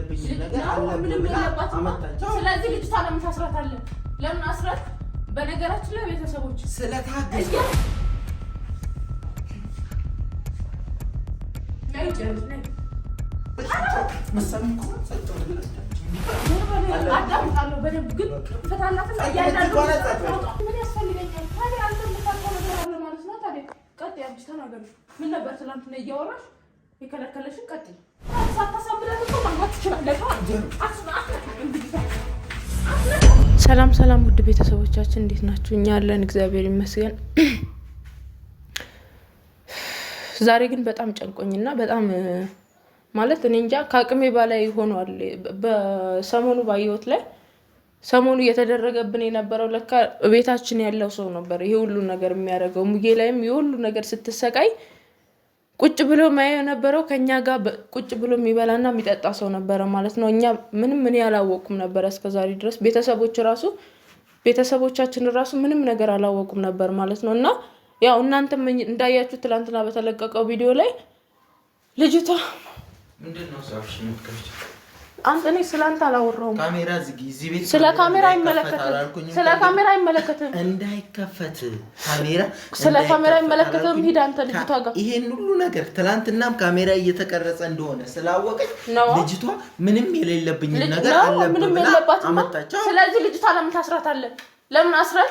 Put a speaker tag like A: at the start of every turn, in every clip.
A: የሌለብኝ ነገር
B: ስለዚህ ልጅቷ ለምን ታስራታለህ? ለምን አስራት? በነገራችን ላይ ቤተሰቦች
A: ስለታገዝ
B: አዳምጣለሁ በደንብ ግን ፈታላትን እያንዳንዱ ምን ያስፈልገኛል ታዲያ? ምን ነበር ትናንትና እያወራሽ የከለከለሽን? ቀጥይ ሰላም ሰላም፣ ውድ ቤተሰቦቻችን እንዴት ናችሁ? እኛ ያለን እግዚአብሔር ይመስገን። ዛሬ ግን በጣም ጨንቆኝና በጣም ማለት እኔ እንጃ ከአቅሜ በላይ ሆኗል። በሰሞኑ ባየሁት ላይ ሰሞኑ እየተደረገብን የነበረው ለካ ቤታችን ያለው ሰው ነበር ይሄ ሁሉ ነገር የሚያደርገው። ሙጌ ላይም የሁሉ ነገር ስትሰቃይ ቁጭ ብሎ ማየው የነበረው ከኛ ጋር ቁጭ ብሎ የሚበላና የሚጠጣ ሰው ነበረ ማለት ነው። እኛ ምንም ምን ያላወቁም ነበር እስከዛሬ ድረስ ቤተሰቦች ራሱ ቤተሰቦቻችን ራሱ ምንም ነገር አላወቁም ነበር ማለት ነው። እና ያው እናንተም እንዳያችሁ ትላንትና በተለቀቀው ቪዲዮ ላይ ልጅቷ ምንድን ነው አንተ እኔ ስላንተ አንተ አላወራሁም።
A: ካሜራ ዝጊ። እዚህ
B: ቤት ስለ ካሜራ አይመለከትም። ስለ ካሜራ አይመለከትም።
A: እንዳይከፈት ካሜራ
B: ስለ ካሜራ አይመለከትም። ሂድ አንተ ልጅቷ ጋር።
A: ይሄን ሁሉ ነገር ትላንትናም ካሜራ እየተቀረጸ እንደሆነ ስላወቀች ልጅቷ ምንም የሌለብኝ
B: ነገር አለ ምንም የለባትም። ስለዚህ ልጅቷ ለምን ታስራታለህ? ለምን አስራት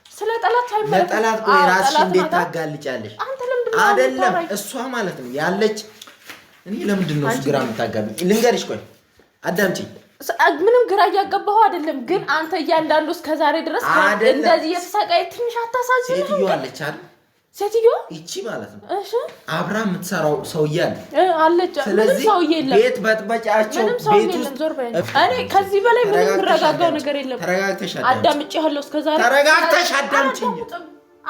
B: ስለ ጠላት
A: ለጠላት ቆይ ራስሽ እንዴት ታጋልጫለሽ? አይደለም እሷ ማለት ነው ያለች። እኔ ለምንድን ነው እሱ ግራ የምታጋቢው? ልንገርሽ፣ ቆይ አዳምጪ።
B: ምንም ግራ እያገባሁ አይደለም፣ ግን አንተ እያንዳንዱ እስከዛሬ ድረስ እንደዚህ እየተሰቃየ ትንሽ አታሳዝንም? አለች አይደል ሴትዮ
A: እቺ ማለት ነው እሺ አብራ የምትሰራው ሰውዬ አለች። ምንም ሰውዬ የለም። ቤት በጥበጫቸው
B: ቤት ውስጥ ዞር እኔ ከዚህ በላይ ምንም የምረጋጋው ነገር የለም። ተረጋግተሽ አዳምጪያለሁ። እስከ ዛሬ
A: ተረጋግተሽ አዳምጪኝ።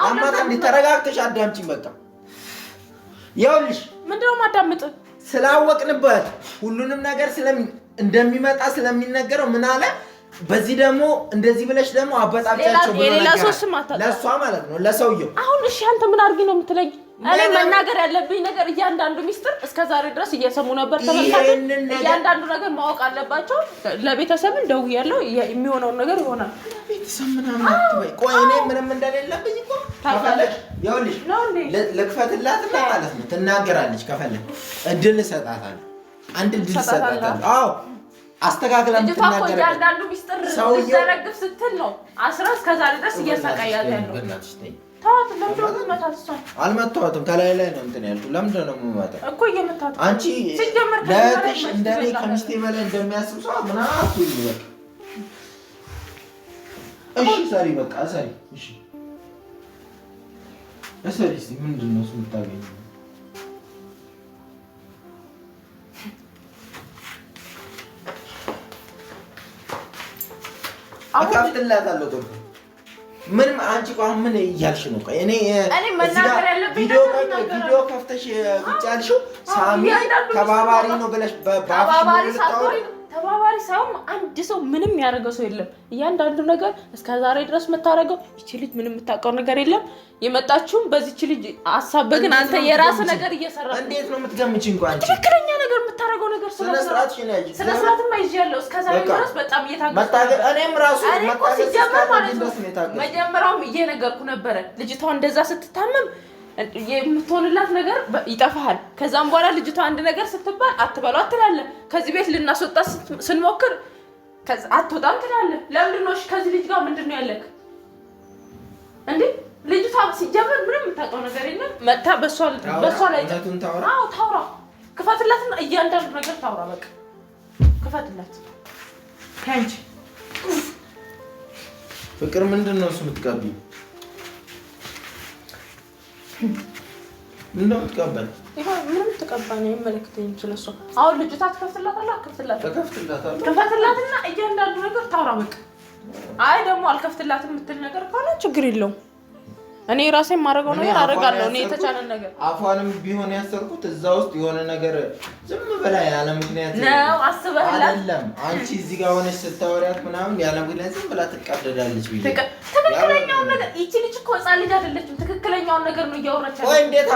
A: አማታም ተረጋግተሽ አዳምጪኝ። በቃ ይኸውልሽ፣
B: ምንድነው ነው የማዳምጥ
A: ስላወቅንበት ሁሉንም ነገር ስለሚ እንደሚመጣ ስለሚነገረው ምን አለ በዚህ ደግሞ እንደዚህ ብለሽ ደግሞ
B: አበጣጫቸው ብሎ
A: ለእሷ ማለት ነው ለሰውየው።
B: አሁን እሺ አንተ ምን አድርጊ ነው የምትለኝ? እኔ መናገር ያለብኝ ነገር እያንዳንዱ ሚስጥር እስከ ዛሬ ድረስ እየሰሙ ነበር።
A: ተመልካቾች
B: እያንዳንዱ ነገር ማወቅ አለባቸው። ለቤተሰብን ደውያለሁ። የሚሆነውን ነገር ይሆናል።
A: ቤተሰብ ምናምን አትበይ። ቆይ እኔ ምንም እንደሌለብኝ እኮ ከፈለግሽ ይኸውልሽ፣ ልክፈትላት ማለት ነው። ትናገራለች። ከፈለግሽ እድል እሰጣታለሁ። አንድ እድል እሰጣታለሁ። አዎ አስተካክለን
B: እያንዳንዱ ሚስጥር ዘረግፍ ስትል ነው አስራ እስከዛሬ ድረስ እያሰቃያት
A: ያለው። ከላይ ላይ ነው እንትን ያልኩት። ለምንድን ነው የምመጣው
B: እኮ እየመታሁት
A: አንቺ ለእህትሽ እንደኔ ከሚስቴ በላይ እንደሚያስብ ሰው ምናምን እሺ፣ ሰሪ በቃ ሰሪ፣ እሺ፣ እሰሪ። ምንድን ነው እሱ አካፍትላታለሁ ቶሎ ምንም አንቺ ቆይ ምን እያልሽ ነው? ቆይ እኔ ቪዲዮ ቪዲዮ ከፍተሽ ብቻ ያልሽው ሳሚ ተባባሪ ነው ብለሽ
B: ተባባሪ ሳይሆን አንድ ሰው ምንም ያደረገው ሰው የለም። እያንዳንዱ ነገር እስከ ዛሬ ድረስ የምታደርገው ይቺ ልጅ ምንም የምታውቀው ነገር የለም። የመጣችሁም በዚች ልጅ ሀሳብ ግን አንተ የራስ ነገር እየሰራ
A: እንዴት ነው የምትገምች? እንኳን
B: ትክክለኛ ነገር የምታደርገው ነገር ስለስርዓትም አይዤ ያለው እስከ ዛሬ ድረስ በጣም እየታገስኩ እኔም ራሱ ሲጀመር ማለት ነው መጀመሪያውም እየነገርኩ ነበረ ልጅቷ እንደዛ ስትታመም የምትሆንላት ነገር ይጠፋሃል። ከዛም በኋላ ልጅቷ አንድ ነገር ስትባል አትበሏ ትላለህ። ከዚህ ቤት ልናስወጣ ስንሞክር አትወጣም ትላለ። ለምንድን ነው ከዚህ ልጅ ጋር ምንድን ነው ያለክ? እንዴ ልጅቷ ሲጀመር ምንም የምታውቀው ነገር የለም። መታ በሷ ላይ ታውራ፣ ክፈትላት፣ እያንዳንዱ ነገር ታውራ። በቃ ክፈትላት።
A: ፍቅር ምንድን ነው እሱ የምትቀቢው ምንም ትቀበል
B: ምንም ትቀባ ነው አሁን ልጅቷ
A: ትከፍትላታለህ
B: እያንዳንዱ ነገር ታውራ በቃ። አይ ደግሞ አልከፍትላትም የምትል ነገር ከሆነ ችግር የለውም። እኔ ራሴ የማደርገው ነገር አደርጋለሁ። እኔ የተቻለ ነገር
A: አፏንም ቢሆን ያሰርኩት እዛ ውስጥ የሆነ ነገር ዝም ያለ ምክንያት ነው አንቺ እዚህ ጋር ሆነች ስታወሪያት ምናምን ያለ ምክንያት ዝም ብላ ትቀደዳለች።
B: የትኛውን ነገር ይቺ ልጅ እኮ ህፃን ልጅ አይደለችም። ትክክለኛውን ነገር ነው እያወራች
A: ወይ እንዴት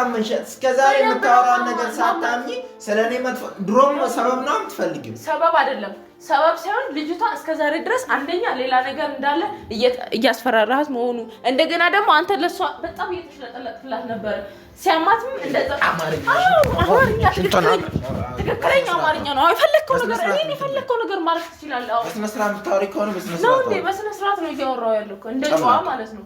A: እስከ ዛሬ የምታወራውን ነገር ሳታምኝ ስለእኔ መጥፎ ድሮም ሰበብ ነው የምትፈልጊው።
B: ሰበብ አይደለም ሰበብ ሳይሆን ልጅቷ እስከዛሬ ድረስ አንደኛ ሌላ ነገር እንዳለ እያስፈራራት መሆኑ፣ እንደገና ደግሞ አንተ ለሷ በጣም እየተሽለጠለጥላት ነበረ። ሲያማትም እንደዛ
A: ትክክለኛ
B: አማርኛ ነው የፈለግከው ነገር እኔን የፈለግከው ነገር ማለት ትችላለህ። በስነስርዓት ነው እያወራሁ ያለው እንደ ጨዋ ማለት ነው።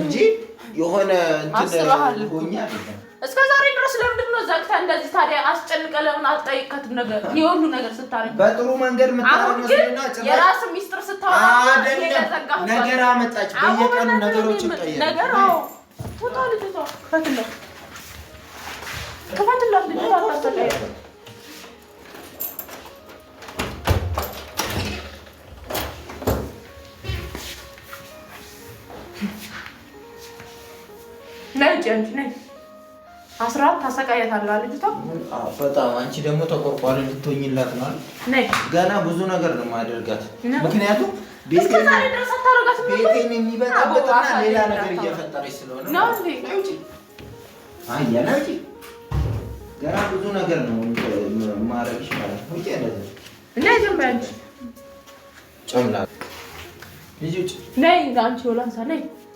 A: እንጂ የሆነ
B: እስከ ዛሬ ድረስ ለምንድን ነው ዘግታ እንደዚህ ታዲያ አስጨንቀ ለምን አልጠይቀትም? ነገር የሁሉ ነገር ስታረግ
A: በጥሩ መንገድ
B: የራስ ሚስጥር ስታወራ
A: ነገር አመጣች። በየቀኑ
B: ነገሮችን ነገር ክፈትላት ነጭ አንቺ ነኝ አስራት ታሰቃያታለህ ልጅቷ
A: በጣም አንቺ ደግሞ ተቆርቋሪ ልትሆኝላት ነው። ገና ብዙ ነገር ነው የማደርጋት። ምክንያቱም
B: ቤቴን
A: የሚበጣበጥና ሌላ ነገር እየፈጠረች ስለሆነ ገና ብዙ ነገር ነው ማረግሽ ማለት ነው።
B: ነይ ነይ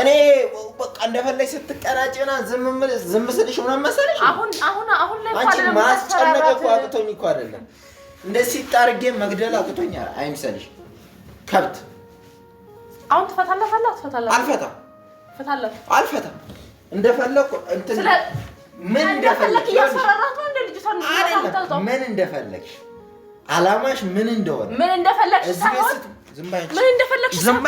A: እኔ በቃ እንደፈለግ ስትቀራጭ ምናምን ዝም ስልሽ ምናምን መሰለሽ።
B: አሁን አሁን አሁን
A: ላይ ማስጨነቅ እኮ አቅቶኝ እኮ አይደለም እንደዚህ ሲጣርጌ መግደል አቅቶኝ አይምሰልሽ። ከብት
B: አሁን ትፈታላችሁ ትፈታላችሁ። አልፈታ ትፈታላችሁ
A: አልፈታም። እንደፈለኩ እንትን ምን እንደፈለክ
B: እያስፈራራት ነው እንደ ልጅቷ
A: ምን እንደፈለግሽ አላማሽ ምን እንደሆነ
B: ምን እንደፈለግሽ ሳይሆን ምን እንደፈለግሽ ዝም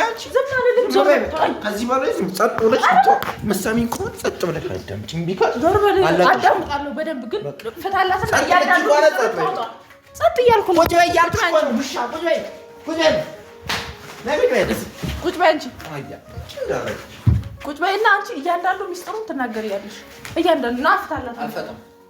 B: በይ እና አንቺ እያንዳንዱ ሚስጥሩን ትናገሪያለሽ። እያንዳንዱ ናፍታላት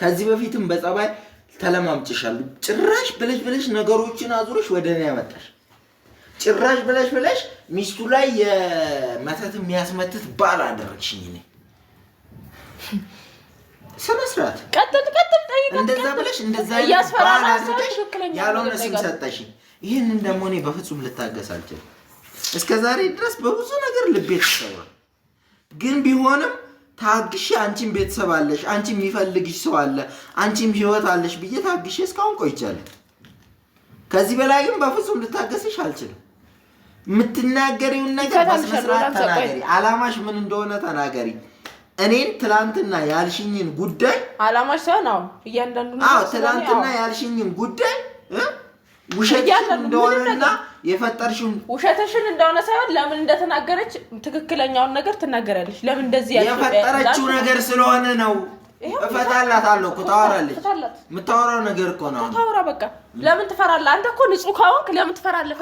A: ከዚህ በፊትም በጸባይ ተለማምጭሻል። ጭራሽ ብለሽ ብለሽ ነገሮችን አዙረሽ ወደ እኔ ያመጣሽ ጭራሽ ብለሽ ብለሽ ሚስቱ ላይ የመተት የሚያስመትት ባል አደረግሽኝ። እኔ ስነ ስርዓት
B: ቀጥል ቀጥል
A: ጠይቅ። እንደዛ ብለሽ እንደዛ ባል አድርገሽ ያልሆነ ስም ሰጠሽኝ። ይህንን ደግሞ እኔ በፍጹም ልታገስ አልችልም። እስከ ዛሬ ድረስ በብዙ ነገር ልቤ ተሰብሯል፣ ግን ቢሆንም ታግሼ አንቺም ቤተሰብ አለሽ፣ አንቺ የሚፈልግሽ ሰው አለ፣ አንቺም ህይወት አለሽ ብዬ ታግሼ እስካሁን ቆይቻለሁ። ከዚህ በላይ ግን በፍጹም ልታገስሽ አልችልም። የምትናገሪውን ነገር በስነስርዓት ተናገሪ። አላማሽ ምን እንደሆነ ተናገሪ። እኔን ትላንትና ያልሽኝን ጉዳይ
B: አላማሽ ሳይሆን አዎ፣ እያንዳንዱ
A: ትላንትና ያልሽኝን ጉዳይ ውሸት እንደሆነና የፈጠርሽው
B: ውሸትሽን እንደሆነ ሳይሆን ለምን እንደተናገረች ትክክለኛውን ነገር ትናገራለች። ለምን እንደዚህ ያለ
A: የፈጠረችው ነገር ስለሆነ ነው። እፈታላታለሁ እኮ ታወራለች። የምታወራው ነገር እኮ ነው።
B: ታወራ በቃ። ለምን ትፈራለህ? አንተ እኮ ንጹህ ከሆንክ ለምን ትፈራለህ?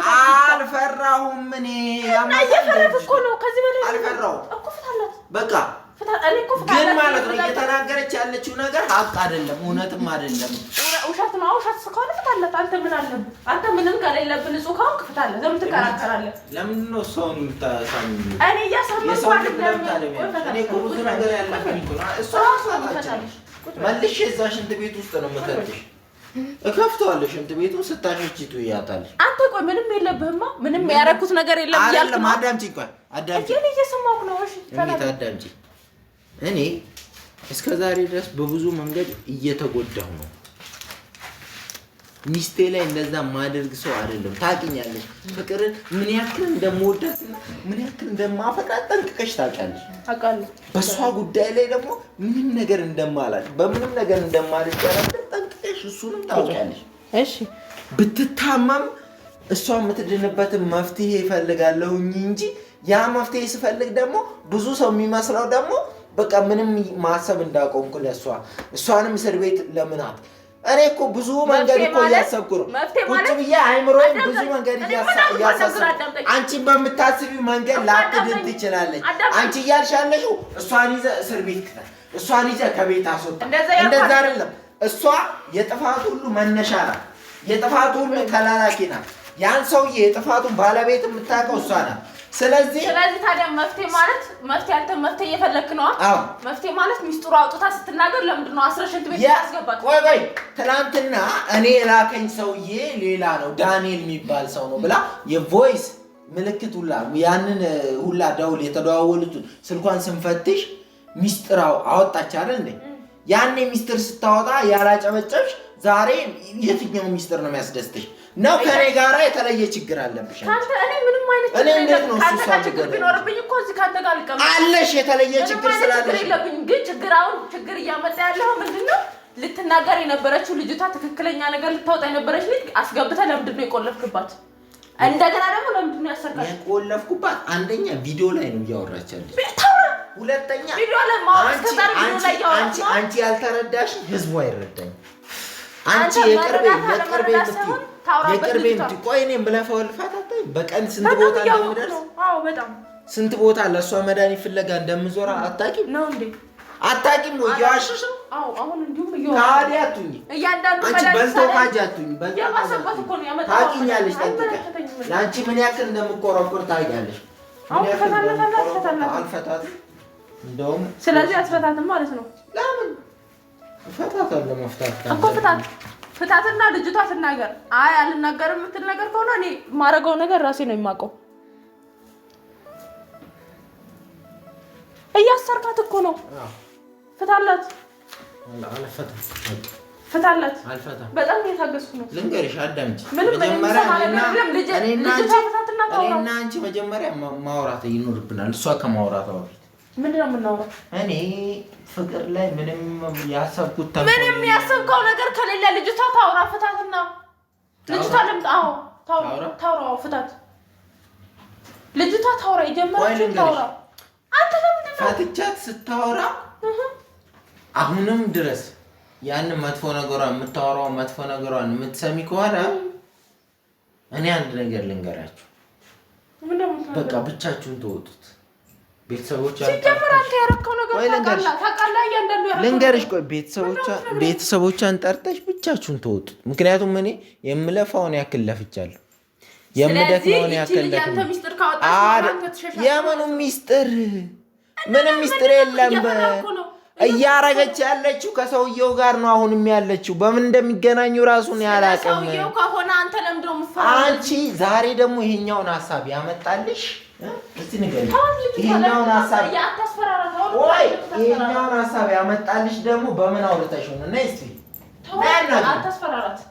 A: አልፈራሁም እኔ
B: እየፈለግ እኮ ነው። ከዚህ በላይ አልፈራሁም እኮ። ፍታላት በቃ ግን
A: ማለት ነው እየተናገረች ያለችው ነገር ሀቅ አይደለም፣ እውነትም አይደለም።
B: ውሸት ነው ውሸት እስከሆነ ፍታ አለ። አንተ ምን አለ አንተ ምንም ከሌለብን ንጹህ ከሆንክ ፍታ ለምን ትከራከራለህ?
A: ለምንድን ነው ሰውን የምታሳሚ?
B: እኔ እያሳመንኩ
A: አይደለም። ብዙ ነገር ያለብኝ እኮ እሷ ሽንት ቤት ውስጥ ነው የምከትልሽ እከፍተዋለሁ ሽንት ቤቱን ስታሸች ትያታለሽ።
B: አንተ ቆይ ምንም የለብህማ፣ ምንም ያደረኩት ነገር
A: የለም አዳምጪ ቆይ አዳምጪ፣
B: እየሰማሁህ ነው። እሺ
A: አዳምጪ እኔ እስከ ዛሬ ድረስ በብዙ መንገድ እየተጎዳሁ ነው። ሚስቴ ላይ እንደዛ ማደርግ ሰው አይደለም። ታውቂኛለሽ፣ ፍቅርን ምን ያክል እንደምወዳትና ምን ያክል እንደማፈቅራት ጠንቅቀሽ ታውቂያለሽ። በእሷ ጉዳይ ላይ ደግሞ ምንም ነገር እንደማላሽ በምንም ነገር እንደማልጨረስ ጠንቅቀሽ እሱንም ታውቂያለሽ። እሺ፣ ብትታመም እሷ የምትድንበትን መፍትሄ ይፈልጋለሁኝ እንጂ ያ መፍትሄ ስፈልግ ደግሞ ብዙ ሰው የሚመስለው ደግሞ በቃ ምንም ማሰብ እንዳቆምኩ ለእሷ እሷንም እስር ቤት ለምናት። እኔ እኮ ብዙ መንገድ እኮ እያሰብኩ ነው። ቁጭ ብዬ አይምሮዬን ብዙ መንገድ እያሳሰብኩ አንቺን በምታስቢ መንገድ ላትድን ትችላለች። አንቺ እያልሽ እሷን ይዘ እስር ቤት ክተህ እሷን ይዘ ከቤት አስወጣ፣ እንደዛ አይደለም። እሷ የጥፋት ሁሉ መነሻ ናት። የጥፋት ሁሉ ተላላኪ ናት። ያን ሰውዬ የጥፋቱን ባለቤት የምታውቀው እሷ ናት። ስለዚህ
B: ስለዚህ ታዲያ መፍትሄ ማለት መፍትሄ አንተ መፍትሄ እየፈለክ ነው። አዎ መፍትሄ ማለት ሚስጥሩ አውጥታ ስትናገር ለምንድን ነው አስረሽ እንትን ቤት
A: ያስገባት? ቆይ ቆይ ትናንትና እኔ ላከኝ ሰውዬ ሌላ ነው ዳንኤል የሚባል ሰው ነው ብላ የቮይስ ምልክት ሁላ ያንን ሁላ ደውል የተደዋወሉትን ስልኳን ስንፈትሽ ሚስጥራው አወጣች አይደል እንዴ? ያኔ ሚስጥር ስታወጣ ያላጨበጨብሽ ዛሬ የትኛው ሚስጥር ነው የሚያስደስትሽ? ነው ከኔ ጋራ የተለየ ችግር አለብሽ? አለሽ የተለየ
B: ችግር ስላለሽ ግን ችግር አሁን ችግር እያመጣ ያለው ምንድን ነው? ልትናገር የነበረችው ልጅቷ ትክክለኛ ነገር ልታወጣ የነበረች ልጅ አስገብተህ ለምንድን ነው የቆለፍክባት? እንደገና ደግሞ ለምንድን ነው ያሰርካሽ?
A: የቆለፍኩባት አንደኛ ቪዲዮ ላይ ነው እያወራች ሁለተኛ አንቺ ያልተረዳሽ ህዝቡ አይረዳኝ። አንቺ የቅርቤ የቅርቤ የቅርቤን በቀን ስንት ቦታ እንደምደርስ ስንት ቦታ ለእሷ መድኃኒት ፍለጋ እንደምዞራ አታቂም ነው እንዴ? አታቂም ነው እያዋሽሽ ነው። አሁን እንዲሁም እያዋሽሽ እያንዳንዱ ታውቂኛለሽ። ለአንቺ ምን ያክል እንደምቆረቁር ታውቂያለሽ።
B: ስለዚህ አስፈታትም ማለት ነው።
A: ለምን እፈታታለሁ።
B: መፍታት እኮ ፍታት ፍታትና ልጅቷ ትናገር። አይ አልናገርም የምትል ነገር ከሆነ እኔ ማረገው ነገር ራሴ ነው የማውቀው። እያሰርካት እኮ ነው። ፍታላት፣ ፍታላት። በጣም እየታገዝኩ
A: ነው። ልንገርሽ፣ አዳምጪ።
B: እኔና
A: አንቺ መጀመሪያ ማውራት ይኖርብናል፣ እሷ ከማውራት በፊት
B: ምንድን ነው የምናወራው?
A: እኔ ፍቅር ላይ ምንም ያሰብኩት
B: ምንም ያሰብከው ነገር ከሌለ ልጅቷ ታውራ ፍታትና ልጅቷ ልምጣ። አዎ ታውራ ፍታት። ልጅቷ ታውራ የጀመረችው ታውራ። አንተ ለምንድን
A: ነው ፈትቻት ስታወራ አሁንም ድረስ ያን መጥፎ ነገሯን የምታወራው መጥፎ ነገሯን የምትሰሚ ከሆነ እኔ አንድ ነገር ልንገራችሁ፣ በቃ ብቻችሁን ተወጡ ቤተሰቦቿ ልንገርሽ፣ ቆይ ቤተሰቦቿን ጠርተሽ ብቻችሁን ተወጡ። ምክንያቱም እኔ የምለፋውን ያክል ለፍቻለሁ፣
B: የምደክመውን ያክል
A: የምኑ ሚስጥር ምንም ሚስጥር የለም። እያረገች ያለችው ከሰውየው ጋር ነው። አሁንም ያለችው በምን እንደሚገናኙ ራሱን
B: ያላቀም ከሆነ አንተ ለምዶ
A: አንቺ ዛሬ ደግሞ ይሄኛውን ሀሳብ ያመጣልሽ ይሄኛውን ሀሳብ ያመጣልሽ ደግሞ በምን አውርተሽ ሆነ ነይ እስቲ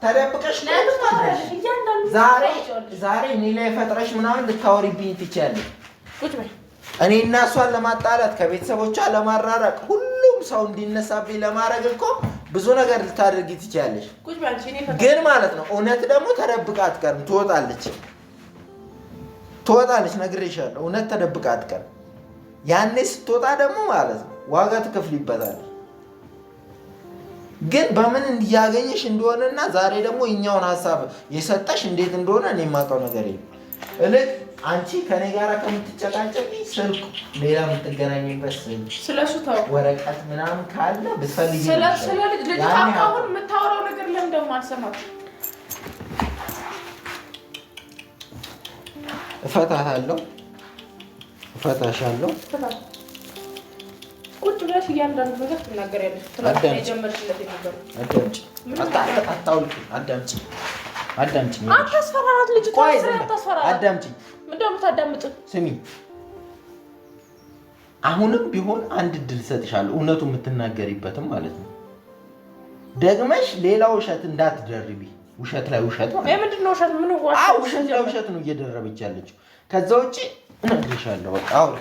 A: ተደብቀሽ ዛሬ እኔ ላይ ፈጥረሽ ምናምን ልታወሪብኝ ትችያለሽ። እኔ እና እሷን ለማጣላት ከቤተሰቦቿ ለማራራቅ ሁሉም ሰው እንዲነሳብኝ ለማድረግ እኮ ብዙ ነገር ልታደርጊ ትችያለሽ። ግን ማለት ነው እውነት ደግሞ ተደብቃ አትቀርም፣ ትወጣለች ትወጣለች። ነግሬሻለሁ፣ እውነት ተደብቃ አትቀርም። ያኔ ስትወጣ ደግሞ ማለት ነው ዋጋ ትከፍልበታለች። ግን በምን እንዲያገኝሽ እንደሆነና ዛሬ ደግሞ እኛውን ሀሳብ የሰጠሽ እንዴት እንደሆነ እኔ የማውቀው ነገር የለም። አንቺ ከኔ ጋር ከምትጨቃጨቂ ስልክ ሌላ የምትገናኝበት ስለሱ ወረቀት ምናምን ካለ ብትፈልጊ ልጅ
B: ስለልጅሁን የምታወራው ነገር ለምን ደግሞ አልሰማሁም።
A: እፈታታለሁ፣ እፈታሻለሁ።
B: ቁጭ ብለሽ እያንዳንዱ ነገር ትናገሪያለሽ።
A: የጀመርሽለት የነበሩ አዳምጪ፣ አዳምጪ፣
B: አታስፈራራት ልጅ አዳምጪ ምንድን ነው የምታዳምጥ?
A: ስሚ፣ አሁንም ቢሆን አንድ እድል እሰጥሻለሁ፣ እውነቱ የምትናገሪበትም ማለት ነው። ደግመሽ ሌላ ውሸት እንዳትደርቢ። ውሸት ላይ ውሸት ማለት
B: ነው። ምንድን ነው ውሸት? ምን
A: ውሸት ላይ ውሸት ነው እየደረበች ያለችው። ከዛ ውጭ እነግርሻለሁ። በቃ አውሪ።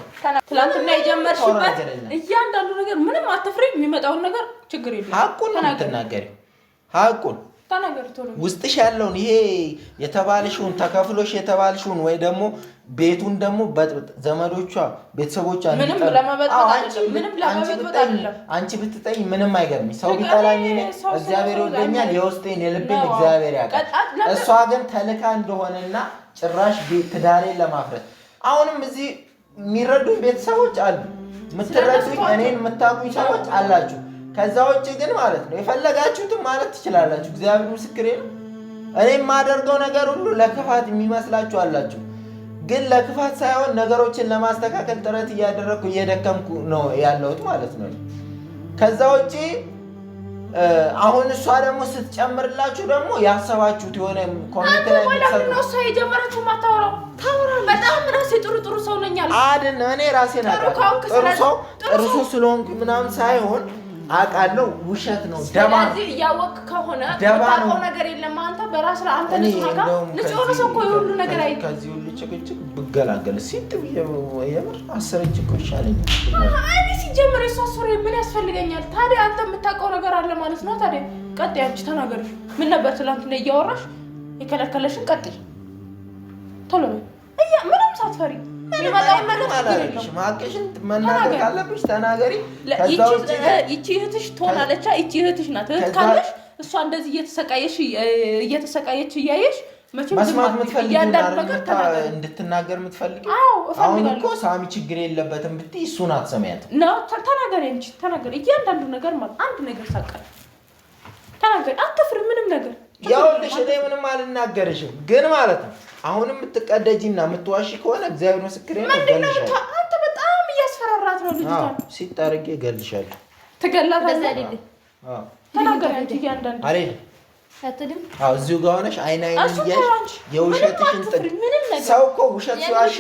B: ትናንትና የጀመርሽበት እያንዳንዱ ነገር ምንም አትፍሪ። የሚመጣውን ነገር ችግር የለም።
A: ሀቁን ነው የምትናገሪው፣ ሀቁን ውስጥሽ ያለውን ይሄ የተባልሽውን ተከፍሎሽ የተባልሽውን ወይ ደግሞ ቤቱን ደግሞ ዘመዶቿ ቤተሰቦቿ አንቺ ብትጠኝ ምንም አይገርምሽ። ሰው ቢጠላኝ እግዚአብሔር ይወደኛል፣ የውስጤን የልቤን እግዚአብሔር ያውቃል። እሷ ግን ተልካ እንደሆነና ጭራሽ ትዳሬን ለማፍረት አሁንም እዚህ የሚረዱኝ ቤተሰቦች አሉ፣ የምትረዱኝ እኔን የምታውቁኝ ሰዎች አላችሁ። ከዛ ውጭ ግን ማለት ነው የፈለጋችሁትን ማለት ትችላላችሁ። እግዚአብሔር ምስክሬ ነው። እኔ የማደርገው ነገር ሁሉ ለክፋት የሚመስላችሁ አላችሁ፣ ግን ለክፋት ሳይሆን ነገሮችን ለማስተካከል ጥረት እያደረግኩ እየደከምኩ ነው ያለሁት ማለት ነው። ከዛ ውጭ አሁን እሷ ደግሞ ስትጨምርላችሁ ደግሞ ያሰባችሁት የሆነ ኮሜንት ላይ የጀመረችው ማታወራው በጣም ራሴ ጥሩ ጥሩ ሰው ነኛል አይደል? እኔ ራሴ ነገር ጥሩ ሰው ጥሩ ሰው ስለሆንኩ ምናምን ሳይሆን አውቃለሁ። ውሸት ነው። ስለዚህ እያወቅ ከሆነ ታውቀው ነገር የለም። አንተ በራስ አንተ ልጅ ነካ ልጅ ሆነ የሁሉ ነገር አይ ከዚህ ሁሉ ጭቅጭቅ ብገላገል ሲጥ የምር አስር ጭቆ ይሻለኝ። እኔ ሲጀምር የሷ ሱሪ ምን ያስፈልገኛል ታዲያ? አንተ የምታውቀው ነገር አለ ማለት ነው ታዲያ። ቀጥ ያንቺ ተናገር። ምን ነበር ትላንትና እያወራሽ የከለከለሽን? ቀጥ ቶሎ ምንም ሳትፈሪ ሽማቅሽን መናገር ካለብሽ ተናገሪ። ይቺ እህትሽ ትሆናለች። ይቺ እህትሽ ናት። እህት ካለሽ እሷ እንደዚህ እየተሰቃየሽ እየተሰቃየች እያየሽ መስማት የምትፈልጊው እንድትናገር የምትፈልጊው አሁን እኮ ሳሚ ችግር የለበትም ብትይ እሱን አትሰሚያትም ነው። ተናገሪ እንጂ ተናገሪ። እያንዳንዱ ነገር ማለት አንድ ነገር ሳቀር ተናገሪ። አትፍሪ ምንም ነገር ያው ልሽ እኔ ምንም አልናገርሽም ግን ማለት ነው አሁንም የምትቀደጂና የምትዋሺ ከሆነ እግዚአብሔር ምስክሬ ነው። እገልሻለሁ። አንተ በጣም እያስፈራራት ነው ልጅቷን። ሲታርጌ እገልሻለሁ። ትገላታለህ። እዚሁ ጋር ሆነሽ አይን አይን እያልሽ የውሸትሽን ጥግ። ሰው እኮ ውሸት ሲዋሽ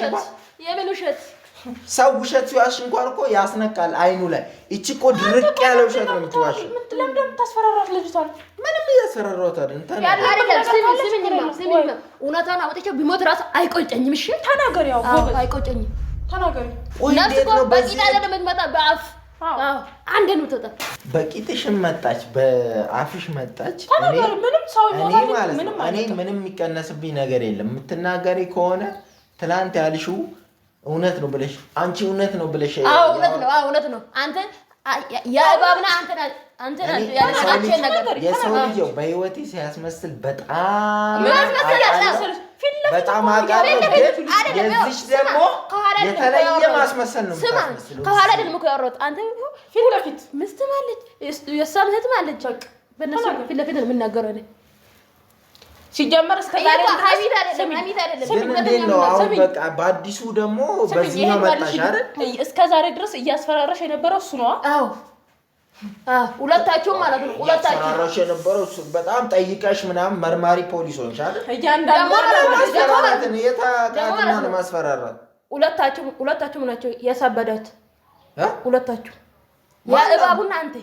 A: ሰው ውሸት ሲዋሽ እንኳን እኮ ያስነቃል አይኑ ላይ። ይቺ እኮ ድርቅ ያለ ውሸት ነው የምትዋሽው ለምን እንደምታስፈራራት ልጅቷን? ምንም እያስፈራራት አውጥቼ ቢሞት አይቆጨኝም። እሺ ተናገሪ፣ በአፍ አንድ ነው ተጠ መጣች፣ በአፍሽ መጣች። እኔ ምንም የሚቀነስብኝ ነገር የለም። የምትናገሪ ከሆነ ትላንት ያልሽው እውነት ነው ብለሽ አንቺ እውነት ነው ብለሽ እውነት ነው አንተ አንተ የሰው ልጅ በህይወቴ ሲያስመስል በጣም በጣም አውቃለሁ፣ ግን የዚች ደግሞ የተለየ ማስመሰል ነው። ከኋላ ደግሞ እኮ ያወራሁት አንተ ፊት ለፊት ምስትም አለች፣ የእሷም እህትም አለች። በእነሱ ፊት ለፊት ነው የምናገረው ሲጀመር እስከ ዛሬ በአዲሱ ደግሞ በዚህ ነው መጣሽ አይደል? እስከ ዛሬ ድረስ እያስፈራራሽ የነበረው እሱ ነዋ። ሁለታችሁም ማለት ነው። ሁለታችሁ ሰራራሽ የነበረው በጣም ጠይቀሽ ምናምን መርማሪ ፖሊስ ሆንሽ እያንዳንዱ ማስፈራራት ሁለታችሁም ሁለታችሁም ናቸው የሰበዳት ሁለታችሁ እባቡና አንተ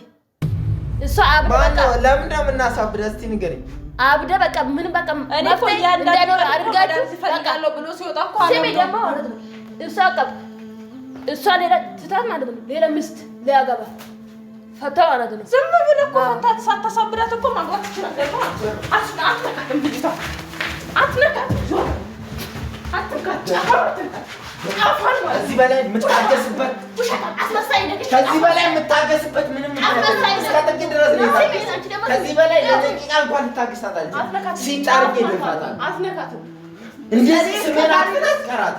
A: እሷ አብደ ለምን ነው የምናሳብደው? እስቲ ንገሪኝ። አብደ በቃ ምን በቃ እኔ አድርጋችሁ እፈልጋለሁ ብሎ ሲወጣ እኮ ስሜ ደግሞ ማለት ነው እሷ ሌላ ትታት ማለት ነው ሌላ ሚስት ሊያገባ ፈታ ማለት ነው። ዝም ብለህ እኮ ፈታ ሳታሳብዳት እኮ ማግባት ትችላለህ። ከዚህ በላይ የምታገስበት ከዚህ በላይ ምንም እስከ ድረስ ነው። ከዚህ በላይ ለደቂቃ እንኳን ልታገሳት ሲጫርቅ ይደርሳታል። እንደዚህ ስሜን አትቀራት ቀራት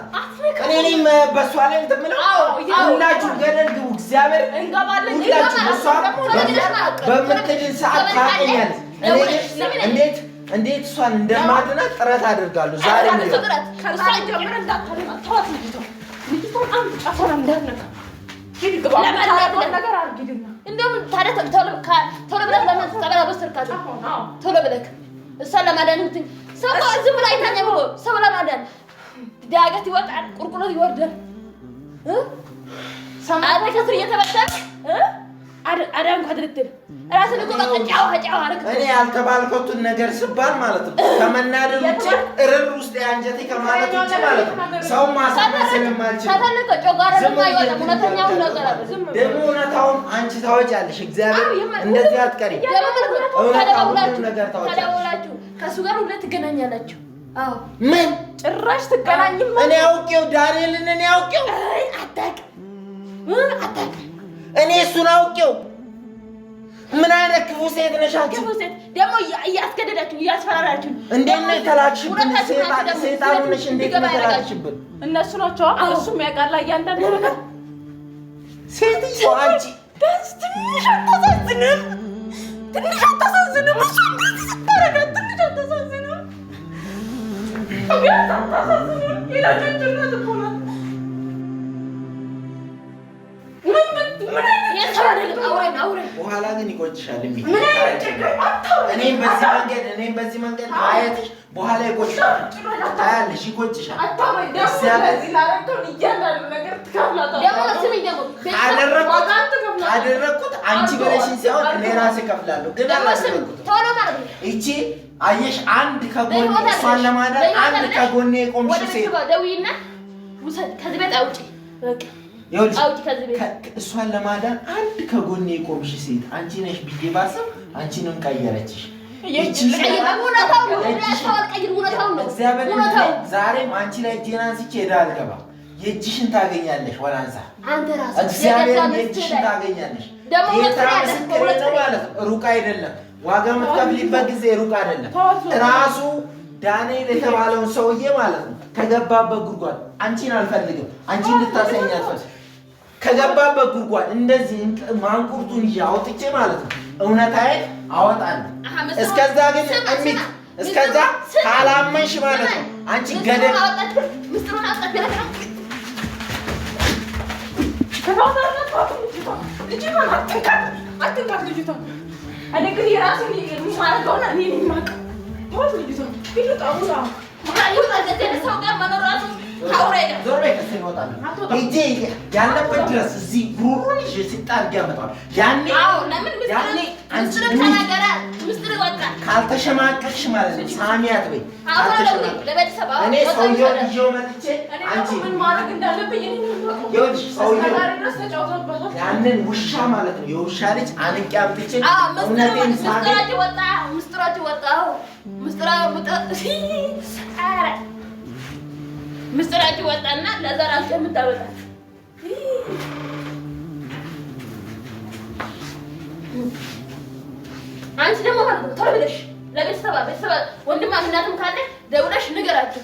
A: እኔም እንዴት እንዴት እሷን እንደማድናት ጥረት አድርጋለሁ። ዛሬ እንደውም ታዲያ ቶሎ ብለህ ለምን ትጠበላ በስተርካት ቶሎ ብለህ እሷን ለማዳን እንትን ሰው ዝም ብላ አይታኛ ብሎ ሰው ለማዳን ዳገት ይወጣል፣ ቁልቁለት ይወርዳል። ሰማይ ከስር እየተበተነ አዳንኳ ድርድር ራስን እኮ ጫዋ ጫዋ እኔ ያልተባልከቱን ነገር ስባል ማለት ነው። ከመናደር ውጭ እርር ውስጥ የአንጀቴ ከማለት ውጭ ማለት ነው። ሰው ማሳመን ስለማልችል ደግሞ እውነታውን አንቺ ታወጫለሽ። እግዚአብሔር እንደዚህ አትቀሪ። እውነታውን ነገር ታወጫለሽ። ከእሱ ጋር ሁለት ትገናኛላችሁ። ምን ጭራሽ ትገናኝማ። እኔ አውቄው ዳንኤልን እኔ አውቄው አታውቅም አታውቅም እኔ እሱን አውቄው ምን አይነት ክፉ ሴት ነሽ አንቺ? ክፉ ሴት ደግሞ እያስገደዳችሁ እያስፈራራችሁ፣ እንዴት ነው የተላክሽብን? ሰይጣኑ ነሽ፣ እንዴት ነው የተላክሽብን? እነሱ ናቸው። እሱም ያውቃል እያንዳንዱ ነገር። ሴትዮ አንቺ ትንሽ አታሳዝንም? ትንሽ አታሳዝንም? እሱ እንደዚህ ስታረጋት ትንሽ አታሳዝንም? ቢያንስ አታሳዝንም? የላጆች እኮ ናት። በኋላ ግን ይቆጭሻል። እኔም በዚህ መንገድ ማየትሽ በኋላ ይቆጭሻል። ታያለሽ፣ ይቆጭሻል። አደረግኩት አንቺ በለሽን ሲሆን እኔ ራሴ እከፍላለሁ። ግን ይቺ አየሽ፣ አንድ ከጎኔ እሷን ለማዳን አንድ ከጎኔ የቆምሽ ሴት ከዚህ ቤት አውጪ እሷን ለማዳን አንድ ከጎኔ የቆምሽ ሴት አንቺ ነሽ ብዬ ባስብ አንቺንም ቀየረችሽ። ዛሬም አንቺ ላይ እጄን አንስቼ ሄዳ አልገባ የእጅሽን ታገኛለሽ። ወላንሳ እግዚአብሔር የእጅሽን ታገኛለሽ። ነው ማለት ነው። ሩቅ አይደለም። ዋጋ የምትከፍልበት ጊዜ ሩቅ አይደለም። ራሱ ዳንኤል የተባለውን ሰውዬ ማለት ነው ከገባበት ጉድጓድ አንቺን አልፈልግም፣ አንቺ እንድታሰኝ ከገባበት ጉድጓድ እንደዚህ ማንቁርቱን ይዤ ማለት ነው እውነታዬን አወጣለሁ። እስከዛ ግን እሚት እስከዛ ካላመንሽ ማለት ነው አንቺ ገደል ልጅቷ ያለበት ድረስ እዚህ ጉሮሮን ይዤ ሲጣል ያመጣዋል። ማለት ነው ሳሚ አትበይ። እኔ ሰውዬውን ያንን ውሻ ማለት ነው የውሻ ልጅ አንቄ አምጥቼ እውነቴን ሳሚ ምስጢራችሁ ወጣና ለዘር አስቀምጣለሁ። አንቺ ደግሞ ማለት ነው ቶሎ ብለሽ ለቤተሰባ ቤተሰባ ወንድማ እናትም ካለ ደውለሽ ንገራቸው።